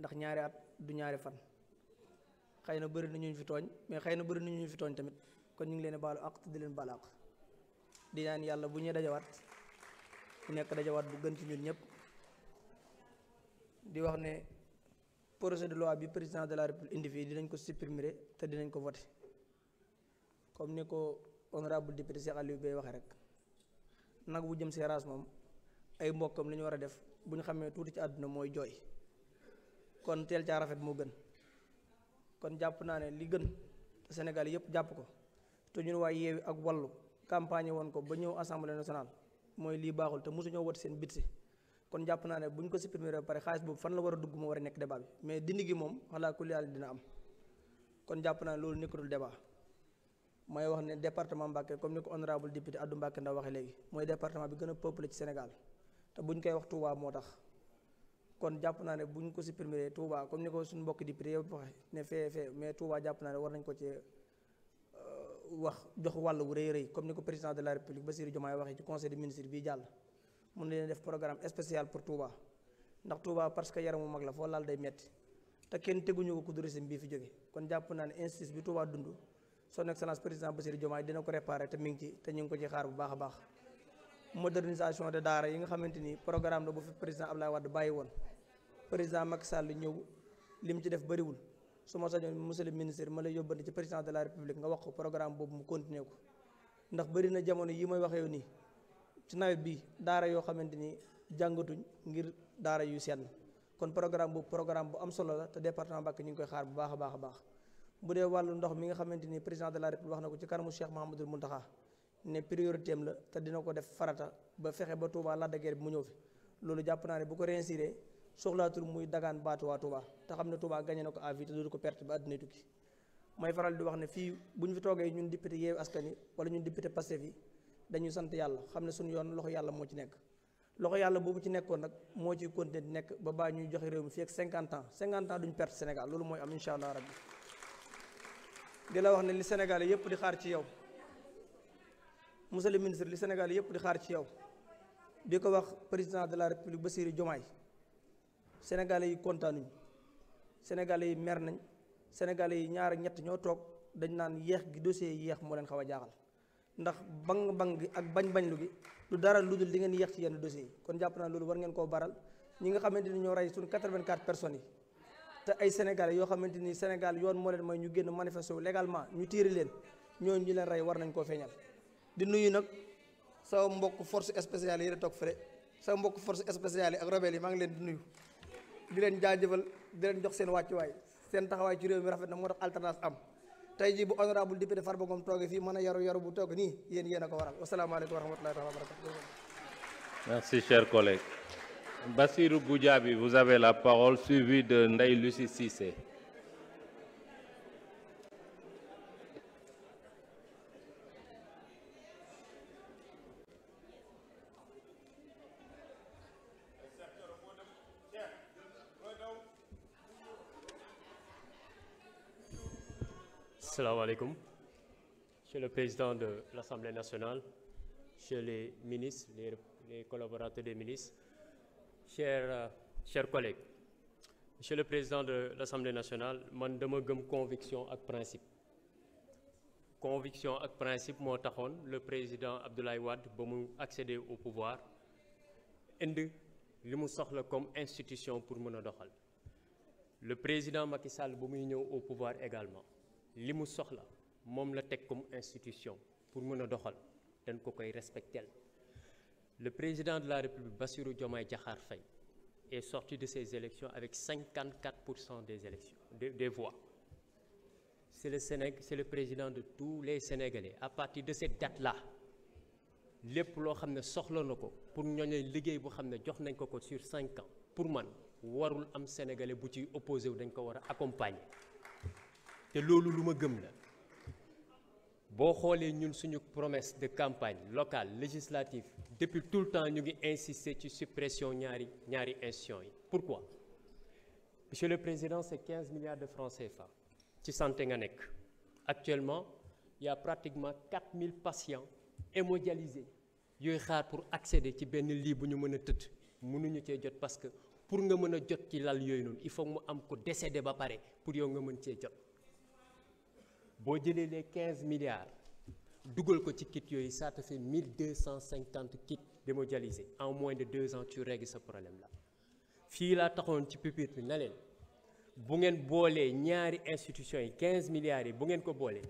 ndax ñaari at du ñaari fan xëy na bëri na ñu fi tooñ mais xëy na bëri na ñu fi tooñ tamit kon ñu ngi leen baalu àq te di leen baal àq di ñaan yàlla bu ñuy dajawaat bu nekk dajawaat bu gën ci ñun ñëpp di wax ne projet de loi bi président de la république indi fii dinañ ko supprimer te dinañ ko voter comme ni ko honorable député Cheikh Aliou Bey waxee rek nag bu jëm si raas moom ay mbokkam li ñu war a def bu ñu xamee tuuti ci àdduna mooy jooy kon teel caa rafet moo gën kon jàpp naa ne li gën te Sénégal yëpp jàpp ko te ñun waa yeewi ak wàllu campagne woon ko ba ñëw assemblée nationale mooy lii baaxul te mosuñoo wat seen bit si kon jàpp naa ne bu ñu ko supprimer ba pare xaalis boobu fan la war a dugg moo war a nekk débat bi mais dindi gi moom xalaa ku yàlla dina am kon jàpp naa ne loolu nekkatul débat mooy wax ne département Mbacké comme ni ko honorable député Abdou Mbacké Ndaw waxee léegi mooy département bi gën a peuplé ci Sénégal te koy wax Touba moo tax kon jàpp naa ne bu ñu ko supprimer Touba comme ni ko suñu mbokk di prix yëpp waxe ne fee fee mais Touba jàpp naa ne war nañ ko ci euh, wax jox wàll wu rëy rëy comme ni ko président de la république Bassirou Diomaye waxee ci conseil des ministres bii jàll mun leen def programme spécial pour Touba ndax Touba parce que yaram yaramu mag la foo laal day metti te kenn teguñu ko kudurisme bi fi jóge kon jàpp naa ne institut bi Touba dund son excellence président Bassirou Diomaye dina ko réparer te mi ngi ci te ñu ngi ko xaar bu baax a modernisation de daara yi nga xamante ni programme la bu fi président Abdoulaye Wade bàyyi woon président Macky Sall ñëw li mu ci def bëriwul su ma sañoon monsieur le ministre ma lay yóbbante ci président de la république nga wax ko programme boobu mu continuer ko ndax bari na jamono yi may waxee nii ci nawet bi daara yoo xamante ni jàngatuñ ngir daara yu seen kon programme boobu programme bu am solo la te département Mbacké ñu ngi koy xaar bu baax a baax a baax bu ndox mi nga xamante ni président de la wax na ko ci kanamu Cheikh Mahamadul Muntaxa ne priorité am la te dina ko def farata ba fexe ba Touba Lac de bi mu ñëw fi loolu jàpp naa ne bu ko réinséré soxlaatul muy dagaan baatu waa te xam ne Touba gagné na ko à vie te dootu ko perte ba àddina tukki may faral di wax ne fii bu ñu fi toogee ñun député Yewwi Askan Wi wala ñun député Pastef yi dañuy sant yàlla xam ne suñu yoon loxo yàlla moo ci nekk loxo yàlla boobu ci nekkoon nag moo ci continuer di nekk ba baa ñuy joxe réew mi fii ak 50 ans duñ perte Sénégal loolu mooy am incha allah rabbi di la wax ne li Sénégal yëpp di xaar ci yow musa le ministre li Sénégal yépp di xaar ci yow di ko wax président de la république Bassirou Diomaye sénégalais yi kontaanuñ sénégalais yi mer nañ sénégalais yi ñaar ak ñett ñoo tok dañ naan yeex gi dossier yi yéex moo leen jaaxal ndax bang-bang gi ak bañ-bañ lu gi du dara lu dul di ngeen yeex ci yenn dossier kon japp na lolu war ngeen ko baral ñi nga xamanteni ñoo rey 84 personnes yi te ay sénégalais yo xamanteni ni Sénégal yoon mo len may ñu genn manifesto légalement ñu tiiri len ñooñu ñu len ray war nañ ko feñal di nuyu nak sa mbokk force spéciale yi tok toog sa sama mbokk force spéciale yi ak rebelle yi ngi leen di nuyu di leen jaajëfal di leen jox sen waccu way sen taxaway ci rew mi rafet na motax alternance am tay ji bu honorable député Farba Ngom toogee fii mën a yaru yaru bu toog ni yéen yéen a ko waral wasalaamaaleykum wa rahmatulahi wa barakatu merci cher collègue Bassirou Goudiaby vous avez la parole suivi de Ndeye Lucie Cissé Assalamu alaikum. Monsieur le Président de l'Assemblée nationale, chers les ministres, les, collaborateurs des ministres, chers, euh, collègues, Monsieur le Président de l'Assemblée nationale, man demande conviction à principe. Conviction et principe moo taxoon le président Abdoulaye Wade ba mu accéder au pouvoir indi li mu comme institution pour mon Le président Macky Sall ba au pouvoir également li mu soxla moom la comme institution pour mën a doxal dañ ko koy le président de la République Bassirou Diomaye Diakhar Fay, est sorti de ces élections avec 54 des élections des, voix c'est le Sénégal c'est le président de tous les Sénégalais à partir de cette date là lépp loo xam ne soxla Pour pour ñooñu liggéey boo xam ne jox nañ sur 5 ans pour moi, warul am sénégalais bu ci opposé wu dañ ko c'est loolu lu ma gëm la boo ñun promesse de campagne locale législative depuis tout le temps avons insisté sur la suppression ñaari ñaari pourquoi monsieur le président c'est 15 milliards de francs CFA ci santé nga nekk actuellement il y a pratiquement 4000 patients hémodialysés yooyu xaar pour accéder ci benn à bu ñu mën mënuñu parce que pour nga mën a jot il faut mu am ko pour que nga mën cee Bodile les 15 milliards. Dougal ça te fait 1250 kits démodialisés. En moins de deux ans, tu règles ce problème-là. Si tu as un petit pupitre. Si vous avez as 15 milliards, si vous avez